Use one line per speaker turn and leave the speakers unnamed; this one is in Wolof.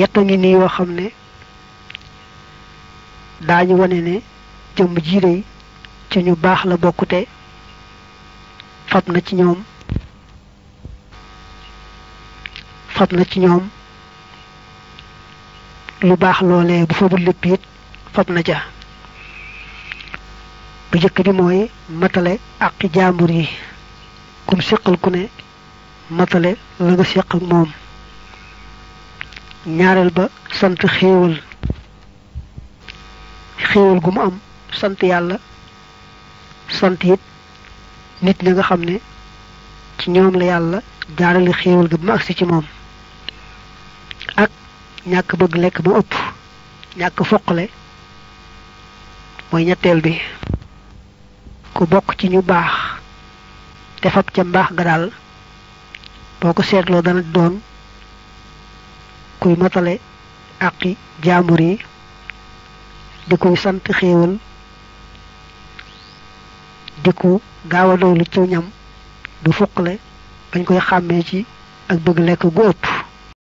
yetta ngi nii yoo xam ne daañu wane ne jëmm jiire yi ci ñu baax la bokkute fab na ci ñoom fab na ci ñoom lu baax loolee bu fabul lépp it fab na ca bu jëkk bi mooy matale àqi jaambur yi kum séqal ku ne matale la nga séq ak moom ñaareel ba sant xéewal xéewal gu mu am sant yàlla sant it nit ñi nga xam ne ci ñoom la yàlla jaarale xéewal gi ba mu agsi ci moom ak ñàkk bëgg lekk ba ëpp ñàkk foqale mooy ñetteel bi ku bokk ci ñu baax te ca mbaax ga daal boo ko seetloo dana doon kuy matale àqi jaambur yi di kuy sant xéewal di ku gaaw a doylu ci ñam du fuqle bañ koy xàmmee ci ak bëgg lekk gu ëpp